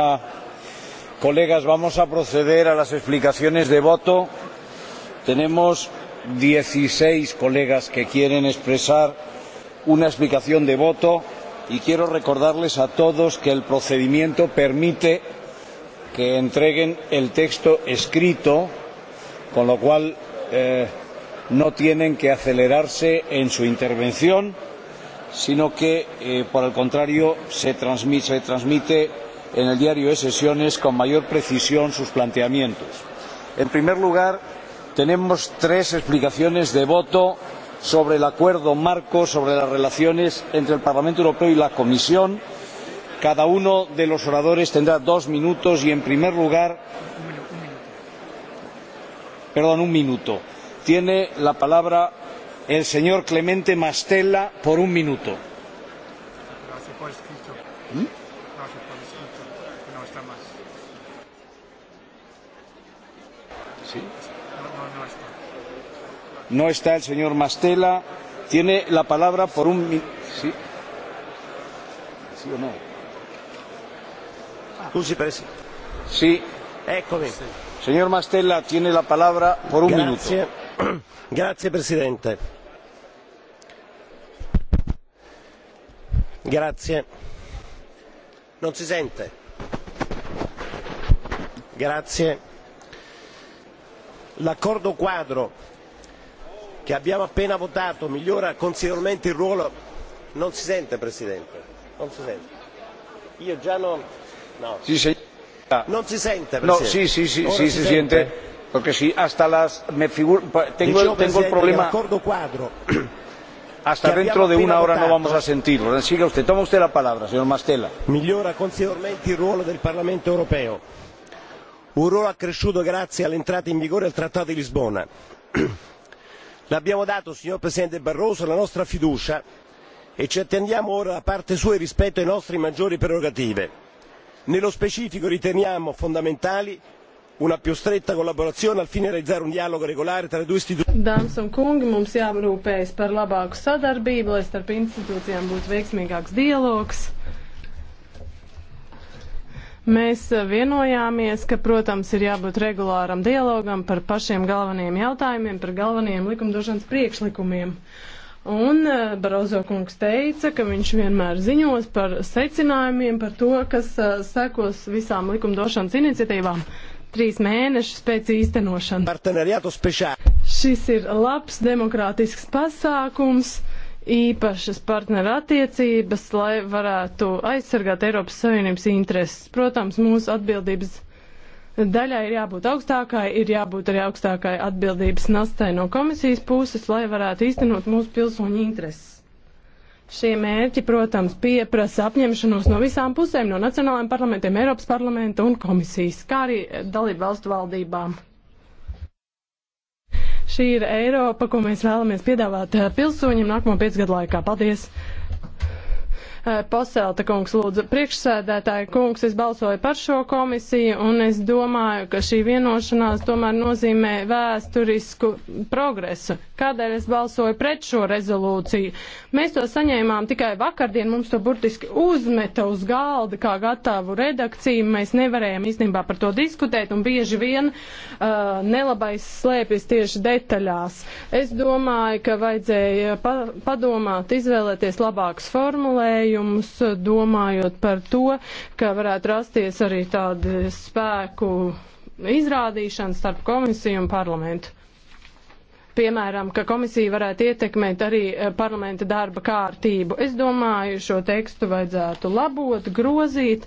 Ah, colegas, vamos a proceder a las explicaciones de voto. Tenemos 16 colegas que quieren expresar una explicación de voto y quiero recordarles a todos que el procedimiento permite que entreguen el texto escrito, con lo cual eh, no tienen que acelerarse en su intervención, sino que, eh, por el contrario, se transmite, se transmite en el diario de sesiones con mayor precisión sus planteamientos. En primer lugar, tenemos tres explicaciones de voto sobre el acuerdo marco sobre las relaciones entre el Parlamento Europeo y la Comisión. Cada uno de los oradores tendrá dos minutos y, en primer lugar, perdón, un minuto. Tiene la palabra el señor Clemente Mastella por un minuto. Gracias, no está el señor Mastela. Tiene la palabra por un minuto. ¿Sí? ¿Sí o no? Scusi, Presidente. Sí. Eccomi. Señor Mastella, tiene la palabra por un Grazie. minuto. Grazie, Presidente. Grazie. Non si sente. Grazie. L'accordo quadro che abbiamo appena votato migliora considerevolmente il ruolo non si sente presidente non si sente io già non no sí, señor. Ah. no si sente presidente. no sí sí sí Ora sí si se siente, siente. porque sí hasta las me figuro tengo, Dicevo, tengo el problema l'accordo quadro hasta dentro de una hora votato, no vamos a sentirlo siga usted toma usted la palabra señor Mastella migliora considerevolmente il ruolo del Parlamento europeo un ruolo accresciuto grazie all'entrata in vigore del Trattato di Lisbona le abbiamo dato signor presidente barroso la nostra fiducia e ci attendiamo ora da parte sua il rispetto delle nostre maggiori prerogative. nello specifico riteniamo fondamentali una più stretta collaborazione al fine di realizzare un dialogo regolare tra le due istituzioni. Dāmas un kungi, mums jāparūpējas par labāku sadarbību, lai starp institūcijām būtu veiksmīgāks dialogs. Mēs eh, vienojāmies, ka, protams, ir jābūt regulāram dialogam par pašiem galvenajiem jautājumiem, par galvenajiem likumdošanas priekšlikumiem. Un eh, Barozo kungs teica, ka viņš vienmēr ziņos par secinājumiem, par to, kas eh, sekos visām likumdošanas iniciatīvām trīs mēnešus pēc īstenošanas. Šis ir labs demokrātisks pasākums īpašas partneru attiecības, lai varētu aizsargāt Eiropas Savienības intereses. Protams, mūsu atbildības daļai ir jābūt augstākai, ir jābūt arī augstākai atbildības nastai no komisijas puses, lai varētu īstenot mūsu pilsoņu intereses. Šie mērķi, protams, pieprasa apņemšanos no visām pusēm, no nacionālajiem parlamentiem, Eiropas parlamenta un komisijas, kā arī dalību valstu valdībām šī ir Eiropa, ko mēs vēlamies piedāvāt eh, pilsoņiem nākamo piecgadu laikā. Paldies! Eh, Poselta kungs lūdzu priekšsēdētāja kungs, es balsoju par šo komisiju un es domāju, ka šī vienošanās tomēr nozīmē vēsturisku progresu. Kādēļ es balsoju pret šo rezolūciju? Mēs to saņēmām tikai vakardien, mums to burtiski uzmeta uz galda kā gatavu redakciju, mēs nevarējām īstenībā par to diskutēt un bieži vien uh, nelabais slēpjas tieši detaļās. Es domāju, ka vajadzēja pa padomāt, izvēlēties labākus formulējumus formulējumus, domājot par to, ka varētu rasties arī tādi spēku izrādīšana starp komisiju un parlamentu piemēram, ka komisija varētu ietekmēt arī eh, parlamenta darba kārtību. Es domāju, šo tekstu vajadzētu labot, grozīt,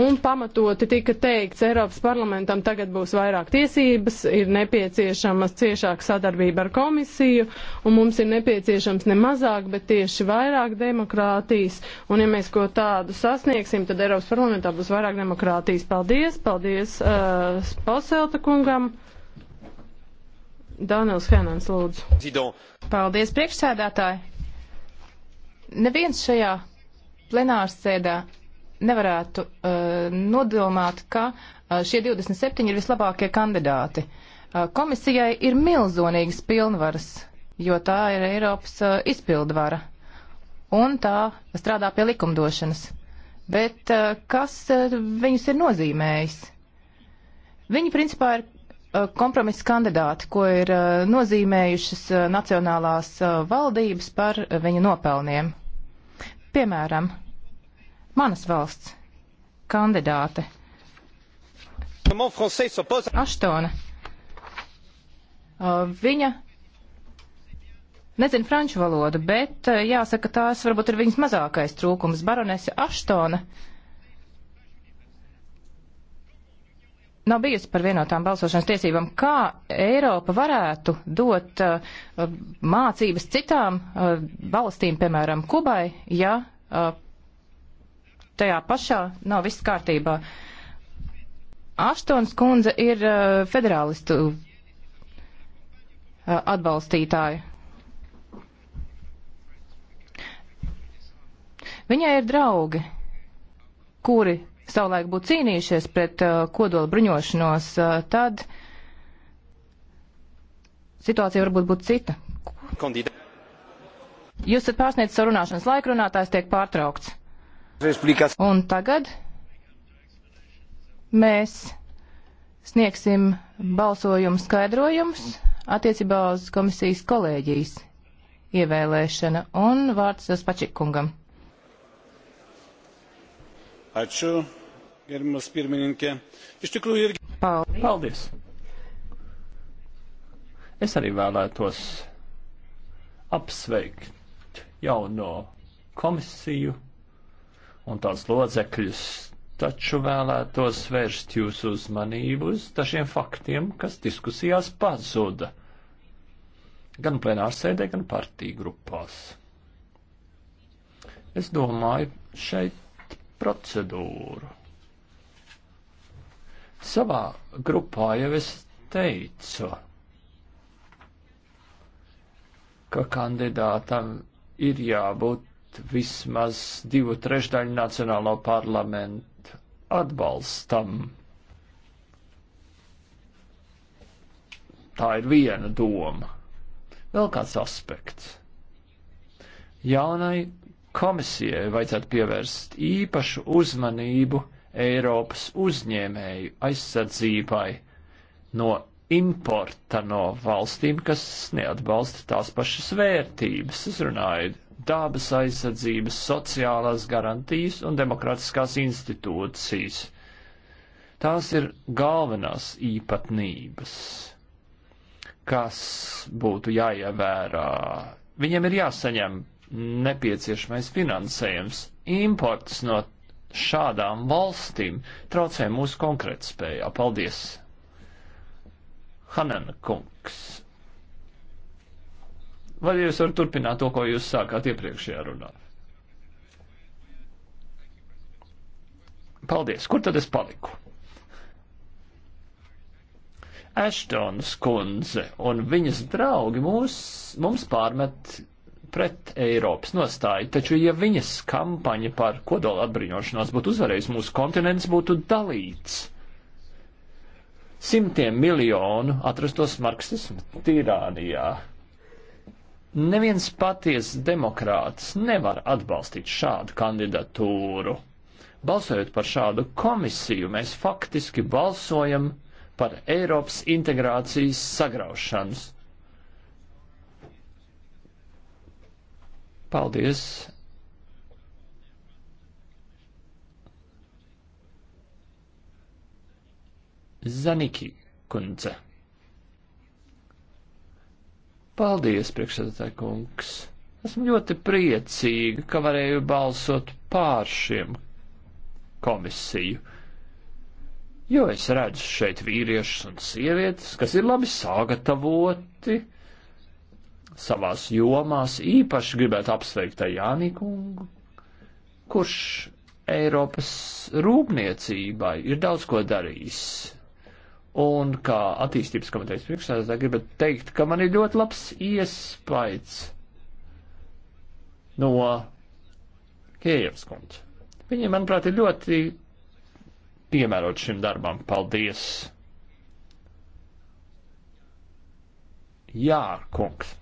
un pamatoti tika teikts, Eiropas parlamentam tagad būs vairāk tiesības, ir nepieciešamas ciešāka sadarbība ar komisiju, un mums ir nepieciešams ne mazāk, bet tieši vairāk demokrātijas, un ja mēs ko tādu sasniegsim, tad Eiropas parlamentā būs vairāk demokrātijas. Paldies, paldies uh, eh, Pauselta kungam! Dānils Henans, lūdzu. Zidon. Paldies, priekšsēdētāji. Neviens šajā plenārsēdā nevarētu uh, nodomāt, ka uh, šie 27 ir vislabākie kandidāti. Uh, komisijai ir milzonīgas pilnvaras, jo tā ir Eiropas uh, izpildvara, un tā strādā pie likumdošanas. Bet uh, kas uh, viņus ir nozīmējis? Viņi principā ir Uh, kompromisa kandidāti, ko ir uh, nozīmējušas uh, nacionālās valdības par viņa nopelniem. Piemēram, manas valsts kandidāte Aštone. Viņa nezina franču valodu, bet jāsaka, tās varbūt ir viņas mazākais trūkums. Baronese Aštone nav bijusi par vienotām balsošanas tiesībām. Kā Eiropa varētu dot uh, mācības citām uh, valstīm, piemēram, Kubai, ja uh, tajā pašā nav viss kārtībā? Aštons kundze ir uh, federālistu uh, atbalstītāja. Viņai ir draugi, kuri savulaik būtu cīnījušies pret uh, kodola bruņošanos, uh, tad situācija varbūt būtu cita. Kondida. Jūs esat pārsniedzis savu runāšanas laiku, runātājs tiek pārtraukts. Un tagad mēs sniegsim balsojumu skaidrojumus attiecībā uz komisijas kolēģijas ievēlēšana un vārds Spačikungam. Ačiū, gerbimas pirmininkė. Iš tikrųjų irgi. Paldies. Es arī vēlētos apsveikt jauno komisiju un tās locekļus, taču vēlētos vērst jūsu uzmanību uz dažiem faktiem, kas diskusijās pazuda gan plenārsēdē, gan partiju grupās. Es domāju, šeit procedūru. Savā grupā jau es teicu, ka kandidātam ir jābūt vismaz divu trešdaļu Nacionālo parlamentu atbalstam. Tā ir viena doma. Vēl kāds aspekts. Jaunai Komisijai vajadzētu pievērst īpašu uzmanību Eiropas uzņēmēju aizsardzībai no importa no valstīm, kas neatbalsta tās pašas vērtības. Es runāju dabas aizsardzības, sociālās garantijas un demokratiskās institūcijas. Tās ir galvenās īpatnības, kas būtu jāievērā. Viņiem ir jāsaņem nepieciešamais finansējums. Imports no šādām valstīm traucē mūsu konkrētspējā. Paldies! Hanana kungs. Vai jūs varat turpināt to, ko jūs sākāt iepriekšējā runā? Paldies. Kur tad es paliku? Ashtons kundze un viņas draugi mūs, mums pārmet, pret Eiropas nostāju, taču ja viņas kampaņa par kodola atbruņošanos būtu uzvarējusi, mūsu kontinents būtu dalīts. Simtiem miljonu atrastos marksismu tirānijā. Neviens paties demokrāts nevar atbalstīt šādu kandidatūru. Balsojot par šādu komisiju, mēs faktiski balsojam par Eiropas integrācijas sagraušanas Paldies! Zaniki kundze. Paldies, priekšsēdētāji kungs. Esmu ļoti priecīga, ka varēju balsot pār šiem komisiju, jo es redzu šeit vīriešus un sievietes, kas ir labi sagatavoti, savās jomās. Īpaši gribētu apsveikt Jāni kungu, kurš Eiropas rūpniecībai ir daudz ko darījis. Un kā attīstības komitejas priekšsēdētāji gribētu teikt, ka man ir ļoti labs iespējas no Kievas kundze. Viņa, manuprāt, ir ļoti piemērot šim darbam. Paldies! Jā, kungs.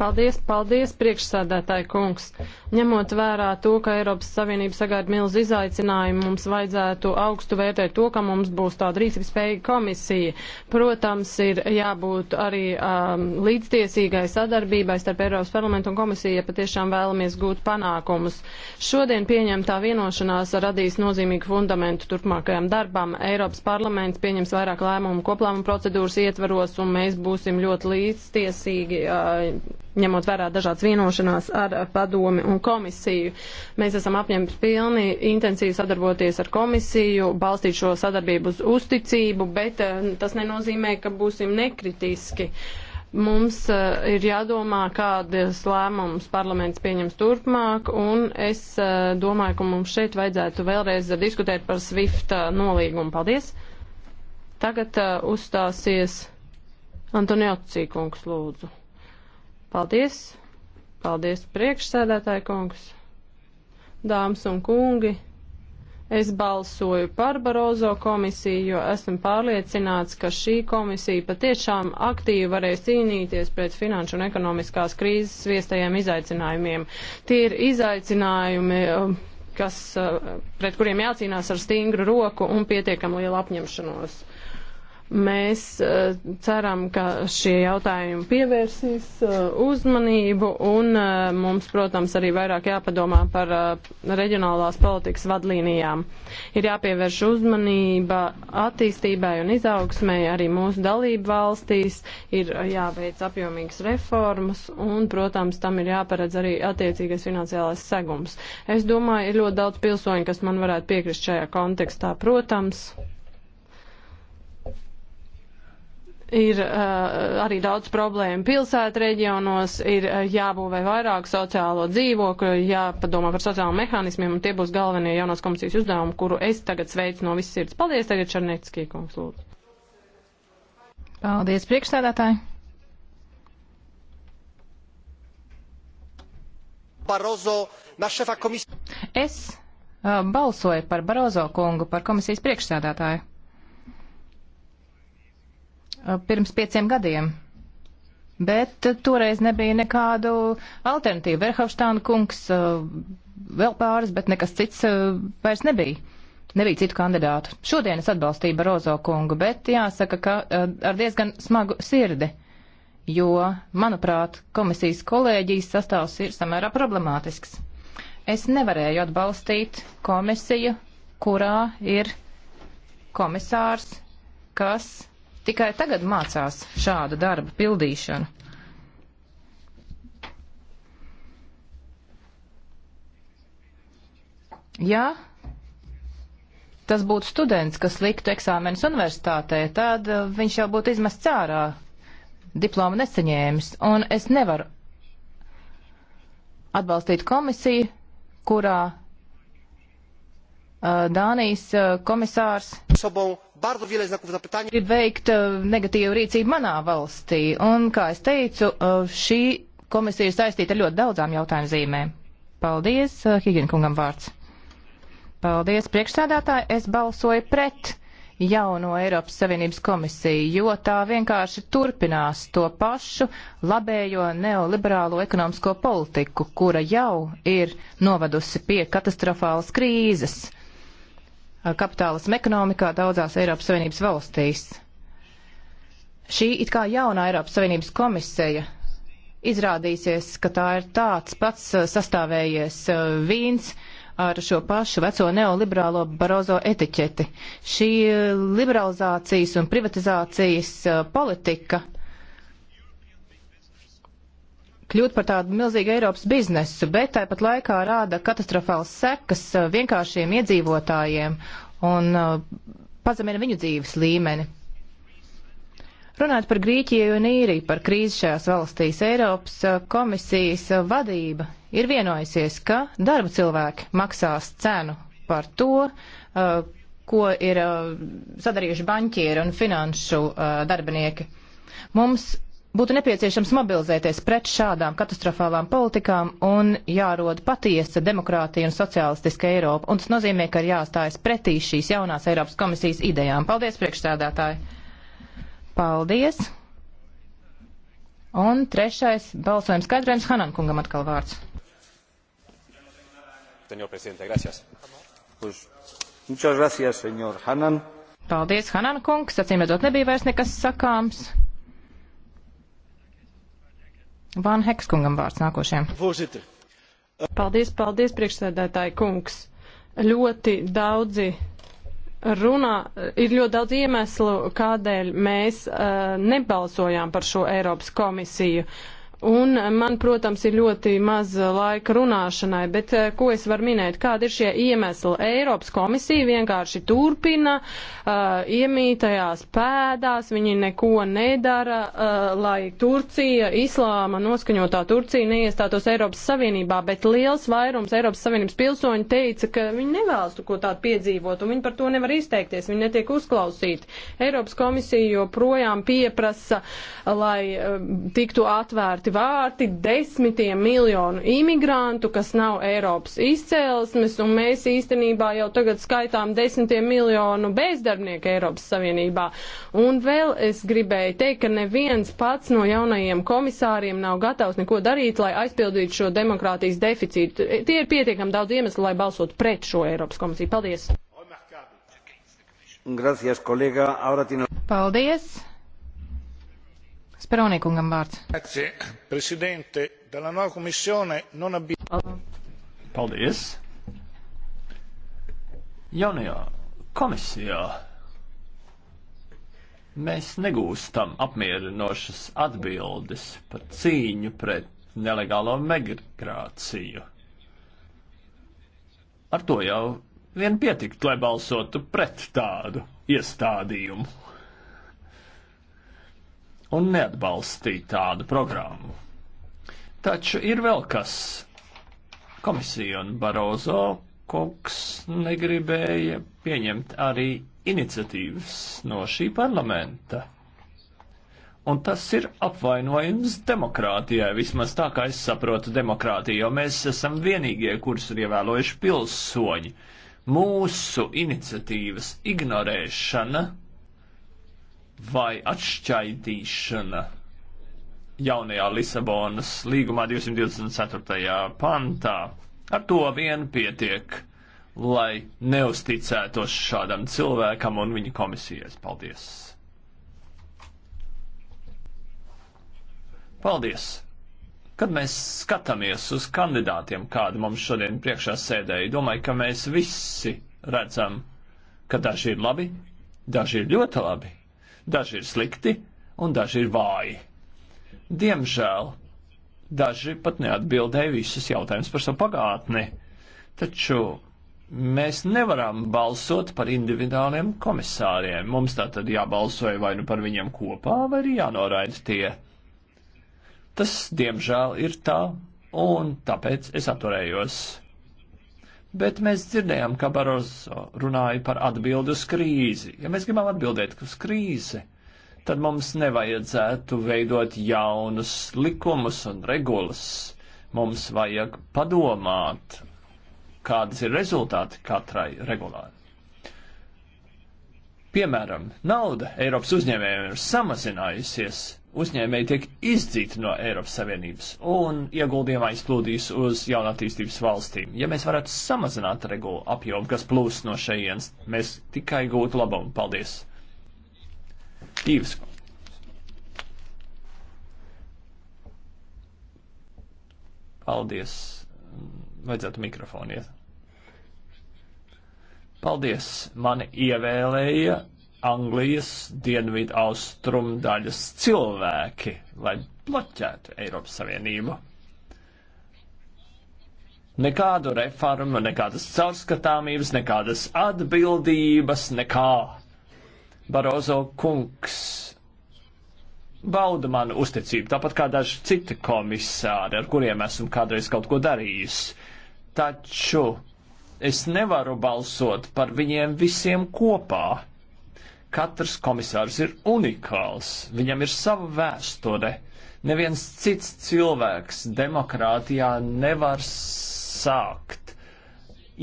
Paldies, paldies, priekšsādātāji kungs. Ņemot vērā to, ka Eiropas Savienība sagaida milz izaicinājumu, mums vajadzētu augstu vērtēt to, ka mums būs tāda rīcības komisija. Protams, ir jābūt arī um, līdztiesīgai sadarbībai starp Eiropas parlamentu un komisiju, ja patiešām vēlamies gūt panākumus. Šodien pieņemtā vienošanās radīs nozīmīgu fundamentu turpmākajam darbam. Eiropas parlaments pieņems vairāk lēmumu koplāmu procedūras ietvaros, un mēs būsim ļoti līdztiesīgi. Uh, ņemot vērā dažādas vienošanās ar padomi un komisiju. Mēs esam apņemti pilni intensīvi sadarboties ar komisiju, balstīt šo sadarbību uz uzticību, bet eh, tas nenozīmē, ka būsim nekritiski. Mums uh, ir jādomā, kādas lēmumus parlaments pieņems turpmāk, un es uh, domāju, ka mums šeit vajadzētu vēlreiz diskutēt par SWIFT nolīgumu. Paldies! Tagad uh, uzstāsies Antonio Cīkungs, lūdzu. Paldies! Paldies, priekšsēdētāji kungs! Dāmas un kungi! Es balsoju par Barozo komisiju, jo esmu pārliecināts, ka šī komisija patiešām aktīvi varēs cīnīties pret finanšu un ekonomiskās krīzes viestajiem izaicinājumiem. Tie ir izaicinājumi, um, kas, uh, pret kuriem jācīnās ar stingru roku un pietiekam lielu apņemšanos. Mēs uh, ceram, ka šie jautājumi pievērsīs uh, uzmanību un uh, mums, protams, arī vairāk jāpadomā par reģionālās politikas vadlīnijām. Ir jāpievērš uzmanība attīstībai un izaugsmai arī mūsu dalību valstīs, ir jāveic apjomīgas reformas un, protams, tam ir jāparedz arī attiecīgais finansiālais segums. Es domāju, ir ļoti daudz pilsoņu, kas man varētu piekrist šajā kontekstā, protams. ir uh, arī daudz problēmu pilsētu reģionos, ir uh, jābūvē vairāk sociālo dzīvokļu, jāpadomā par sociālajiem mehānismiem, un tie būs galvenie jaunās komisijas uzdevumi, kuru es tagad sveicu no visas sirds. Paldies, tagad Čarnecki kungs lūdzu. Paldies, priekšstādātāji. Barozo, es uh, balsoju par Barozo kungu, par komisijas priekšstādātāju. Eh, pirms pieciem gadiem. Bet toreiz nebija nekādu alternatīvu. Verhofstāna kungs, eh, vēl pāris, bet nekas cits eh, vairs nebija. Nebija citu kandidātu. Šodien es atbalstīju Barozo kungu, bet jāsaka, ka ar diezgan smagu sirdi, jo, manuprāt, komisijas kolēģijas sastāvs ir samērā problemātisks. Es nevarēju atbalstīt komisiju, kurā ir komisārs, kas tikai tagad mācās šāda darba pildīšanu. Ja tas būtu students, kas liktu eksāmenus universitātē, tad uh, viņš jau būtu izmests ārā, diplomu nesaņēmis. Un es nevaru atbalstīt komisiju, kurā uh, Dānijas uh, komisārs Grib veikt eh, negatīvu rīcību manā valstī, un, kā es teicu, eh, šī komisija ir saistīta ar ļoti daudzām jautājumu zīmēm. Paldies, eh, Higinkungam vārds. Paldies, priekšsēdētāji, es balsoju pret jauno Eiropas Savienības komisiju, jo tā vienkārši turpinās to pašu labējo neoliberālo ekonomisko politiku, kura jau ir novadusi pie katastrofālas krīzes. Eh, kapitālismu ekonomikā daudzās Eiropas Savienības valstīs. Šī it kā jaunā Eiropas Savienības komisija izrādīsies, ka tā ir tāds pats eh, sastāvējies eh, vīns ar šo pašu veco neoliberālo barozo etiķeti. Šī liberalizācijas un privatizācijas politika uh, kļūt par tādu milzīgu Eiropas biznesu, bet tāpat laikā rāda katastrofāls sekas uh, vienkāršiem iedzīvotājiem un uh, pazemina viņu dzīves līmeni. Runājot par Grīķiju un īriju, par krīzi šajās valstīs, Eiropas uh, komisijas vadība ir vienojusies, ka darba cilvēki maksās cenu par to, ko ir sadarījuši baņķieri un finanšu darbinieki. Mums būtu nepieciešams mobilizēties pret šādām katastrofālām politikām un jārod patiesa demokrātija un sociālistiska Eiropa. Un tas nozīmē, ka ir jāstājas pretī šīs jaunās Eiropas komisijas idejām. Paldies, priekšstādātāji! Paldies! Un trešais balsojums skaidrojums Hanan kungam atkal vārds. Paldies, Hanan kungs. Acīm redzot, nebija vairs nekas sakāms. Van Hekskungam vārds nākošajam. Paldies, paldies, priekšsēdētāji kungs. Ļoti daudzi runā, ir ļoti daudz iemeslu, kādēļ mēs uh, nebalsojām par šo Eiropas komisiju. Uh, Un man, protams, ir ļoti maz eh, laika runāšanai, bet eh, ko es varu minēt? Kādi ir šie iemesli? Eiropas komisija vienkārši turpina uh, iemītajās pēdās, viņi neko nedara, uh, lai Turcija, islāma noskaņotā Turcija neiestātos Eiropas Savienībā, bet liels vairums Eiropas Savienības pilsoņu teica, ka viņi nevēlas ko tādu piedzīvot, un viņi par to nevar izteikties, viņi netiek uzklausīti. Eiropas komisija joprojām pieprasa, lai uh, tiktu atvērti atvērti vārti desmitiem miljonu imigrantu, kas nav Eiropas izcēlesmes, un mēs īstenībā jau tagad skaitām desmitiem miljonu bezdarbnieku Eiropas Savienībā. Un vēl es gribēju teikt, ka neviens pats no jaunajiem komisāriem nav gatavs neko darīt, lai aizpildītu šo demokrātijas deficītu. Tie ir pietiekami daudz iemeslu, lai balsot pret šo Eiropas komisiju. Paldies! Gracias, Paldies! Speronīkungam vārds. Paldies. Jaunajā komisijā mēs negūstam apmierinošas atbildes par cīņu pret nelegālo migrāciju. Ar to jau vien pietikt, lai balsotu pret tādu iestādījumu un neatbalstīt tādu programmu. Taču ir vēl kas. Komisija un Barozo kungs negribēja pieņemt arī iniciatīvas no šī parlamenta un tas ir apvainojums demokrātijai, vismaz tā kā es saprotu demokrātiju, jo mēs esam vienīgie, kurus ir ievēlojuši pilsoņi. Mūsu iniciatīvas ignorēšana vai atšķaidīšana jaunajā Lisabonas līgumā 224. pantā. Ar to vien pietiek, lai neusticētos šādam cilvēkam un viņa komisijas. Paldies! Paldies! Kad mēs skatāmies uz kandidātiem, kādi mums šodien priekšā sēdēja, domāju, ka mēs visi redzam, ka daži ir labi, daži ir ļoti labi, Daži ir slikti un daži ir vāji. Diemžēl daži pat neatbildēja visus jautājumus par savu pagātni. Taču mēs nevaram balsot par individuāliem komisāriem. Mums tā tad jābalsoja vai nu par viņiem kopā, vai arī jānoraida tie. Tas, diemžēl, ir tā, un tāpēc es atturējos. Bet mēs dzirdējām, ka Barozo runāja par atbildi uz krīzi. Ja mēs gribam atbildēt uz krīzi, tad mums nevajadzētu veidot jaunus likumus un regulas. Mums vajag padomāt, kādas ir rezultāti katrai regulāri. Piemēram, nauda Eiropas uzņēmējiem ir samazinājusies, uzņēmēji tiek izdzīti no Eiropas Savienības un ieguldījumā izplūdīs uz jaunatīstības valstīm. Ja mēs varētu samazināt regulu apjomu, kas plūst no šejienes, mēs tikai gūtu labumu. Paldies! Īvas. Paldies. Vajadzētu mikrofonu iet. Paldies. Mani ievēlēja Anglijas dienvidu austrumu daļas cilvēki, lai bloķētu Eiropas Savienību. Nekādu reformu, nekādas caurskatāmības, nekādas atbildības, nekā. Barozo kungs bauda manu uzticību, tāpat kā daži citi komisāri, ar kuriem esmu kādreiz kaut ko darījis. Taču es nevaru balsot par viņiem visiem kopā katrs komisārs ir unikāls, viņam ir sava vēsture. Neviens cits cilvēks demokrātijā nevar sākt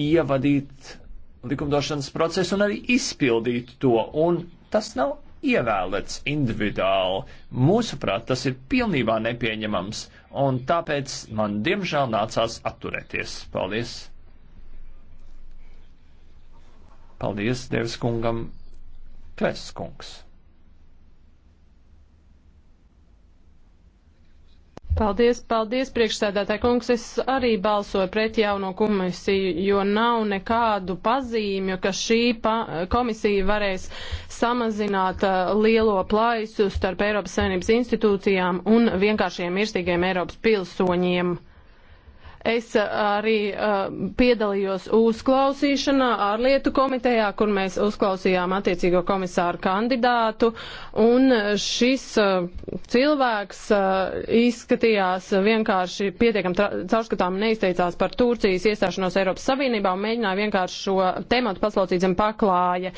ievadīt likumdošanas procesu un arī izpildīt to, un tas nav ievēlēts individuāli. Mūsuprāt, tas ir pilnībā nepieņemams, un tāpēc man diemžēl nācās atturēties. Paldies! Paldies Devas kungam Kleskungs. Paldies, paldies, priekšsēdētāji kungs. Es arī balsoju pret jauno komisiju, jo nav nekādu pazīmju, ka šī pa komisija varēs samazināt uh, lielo plaisu starp Eiropas Savienības institūcijām un vienkāršiem mirstīgiem Eiropas pilsoņiem. Es uh, arī uh, piedalījos uzklausīšanā ārlietu komitejā, kur mēs uzklausījām attiecīgo komisāru kandidātu, un šis uh, cilvēks uh, izskatījās vienkārši pietiekam caurskatām neizteicās par Turcijas iestāšanos Eiropas Savienībā un mēģināja vienkārši šo tematu paslaucīt zem paklāja.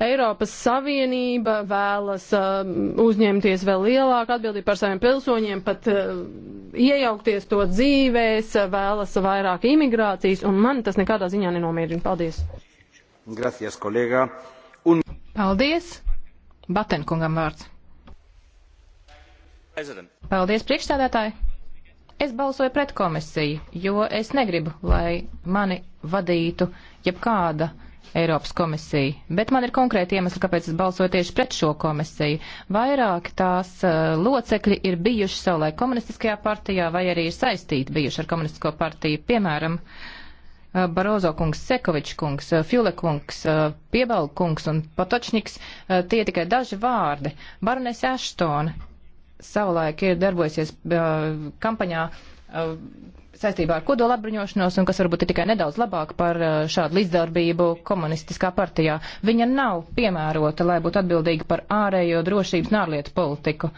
Eiropas Savienība vēlas uh, uzņemties vēl lielāku atbildību par saviem pilsoņiem, pat uh, iejaukties to dzīvēs, vēl vēlas vairāk imigrācijas, un man tas nekādā ziņā nenomierina. Paldies! Gracias, kolēga! Un... Paldies! Batenkungam vārds. Paldies, priekšstādātāji! Es balsoju pret komisiju, jo es negribu, lai mani vadītu jebkāda uh, Eiropas komisiju, bet man ir konkrēti iemesli, kāpēc es balsoju tieši pret šo komisiju. Vairāk tās uh, locekļi ir bijuši savulaik komunistiskajā partijā vai arī ir saistīti bijuši ar komunistisko partiju, piemēram, uh, Barozo kungs, Sekovičs kungs, uh, eh, Fjule kungs, uh, Piebalg kungs un Patočņiks, uh, tie tikai daži vārdi. Baronese Aštona savulaik ir darbojusies uh, kampaņā. Uh, saistībā ar kodola apbruņošanos un kas varbūt ir tikai nedaudz labāk par eh, šādu līdzdarbību komunistiskā partijā. Viņa nav piemērota, lai būtu atbildīga par ārējo drošības un ārlietu politiku.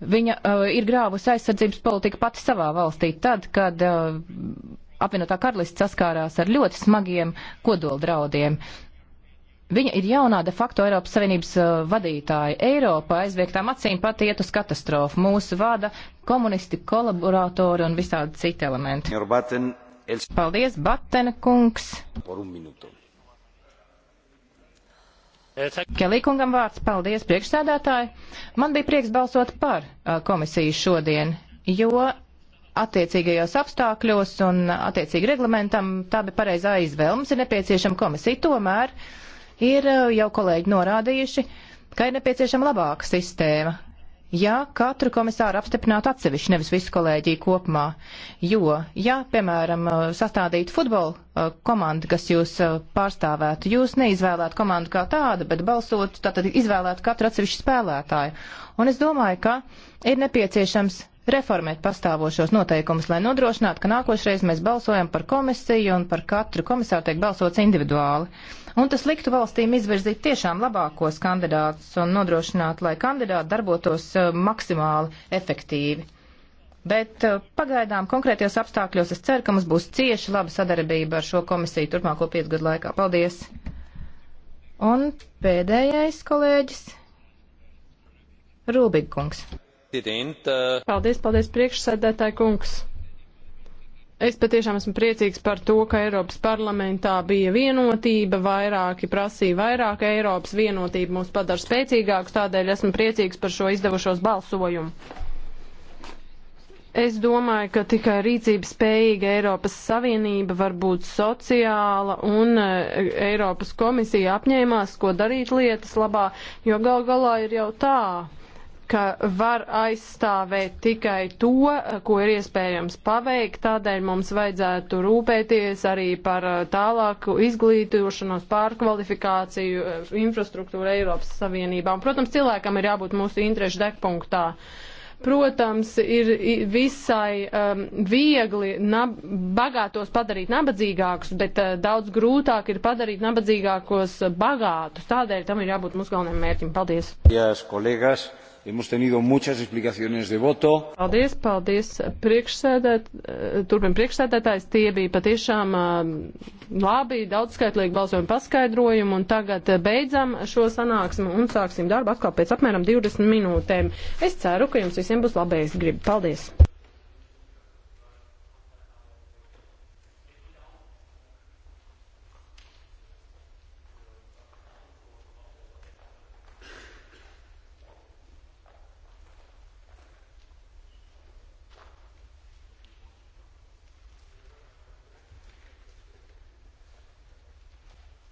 Viņa uh, ir grāvusi aizsardzības politiku pati savā valstī tad, kad uh, apvienotā karalists saskārās ar ļoti smagiem kodola draudiem. Viņa ir jaunā de facto Eiropas Savienības uh, vadītāja. Eiropa aizviektām acīm pat iet uz katastrofu. Mūsu vada komunisti, kolaboratori un visādi citi elementi. Baten, el... Paldies, Batena kungs. Eh, Kelīkungam vārds, paldies priekšsēdētāji. Man bija prieks balsot par uh, komisiju šodien, jo attiecīgajos apstākļos un uh, attiecīgi reglamentam tā bija pareizā izvēle. Mums ir nepieciešama komisija tomēr. Uh, Ir eh, jau kolēģi norādījuši, ka ir nepieciešama labāka sistēma, ja katru komisāru apstiprinātu atsevišķi, nevis visu kolēģiju kopumā. Jo, ja, piemēram, eh, sastādītu futbola eh, komandu, kas jūs pārstāvētu, jūs neizvēlētu komandu kā tādu, bet balsotu, tātad izvēlētu katru atsevišķu spēlētāju. Un es domāju, ka ir nepieciešams reformēt pastāvošos noteikumus, lai nodrošinātu, ka nākošreiz mēs balsojam par komisiju un par katru komisāru tiek balsots individuāli. Un tas liktu valstīm izvirzīt tiešām labākos kandidātus un nodrošināt, lai kandidāti darbotos eh, maksimāli efektīvi. Bet eh, pagaidām konkrētajos apstākļos es ceru, ka mums būs cieši laba sadarbība ar šo komisiju turpmāko piecu gadu laikā. Paldies! Un pēdējais kolēģis Rūbīgkungs. Uh, paldies, paldies, priekšsēdētāji kungs. Es patiešām esmu priecīgs par to, ka Eiropas parlamentā bija vienotība, vairāki prasīja vairāk Eiropas vienotība mūs padara spēcīgākus, tādēļ esmu priecīgs par šo izdevušos balsojumu. Es domāju, ka tikai rīcība spējīga Eiropas Savienība var būt sociāla un e, Eiropas komisija apņēmās, ko darīt lietas labā, jo gal galā ir jau tā, ka var aizstāvēt tikai to, ko ir iespējams paveikt, tādēļ mums vajadzētu rūpēties arī par tālāku izglītošanos, pārkvalifikāciju, infrastruktūru Eiropas Savienībā. Un, protams, cilvēkam ir jābūt mūsu interešu degpunktā protams, ir visai um, viegli nab bagātos padarīt nabadzīgākus, bet uh, daudz grūtāk ir padarīt nabadzīgākos bagātus. Tādēļ tam ir jābūt mūsu galvenajam mērķim. Paldies! Yes, kolēgas. Hemos tenido muchas explicaciones de voto. Paldies, paldies priekšsēdēt, eh, turpin priekšsēdētājs. Tie bija patiešām eh, labi, daudzskaitlīgi balsojumi paskaidrojumi. Un tagad eh, beidzam šo sanāksmu un sāksim darbu atkal pēc apmēram 20 minūtēm. Es ceru, ka jums visiem būs labējais grib. Paldies!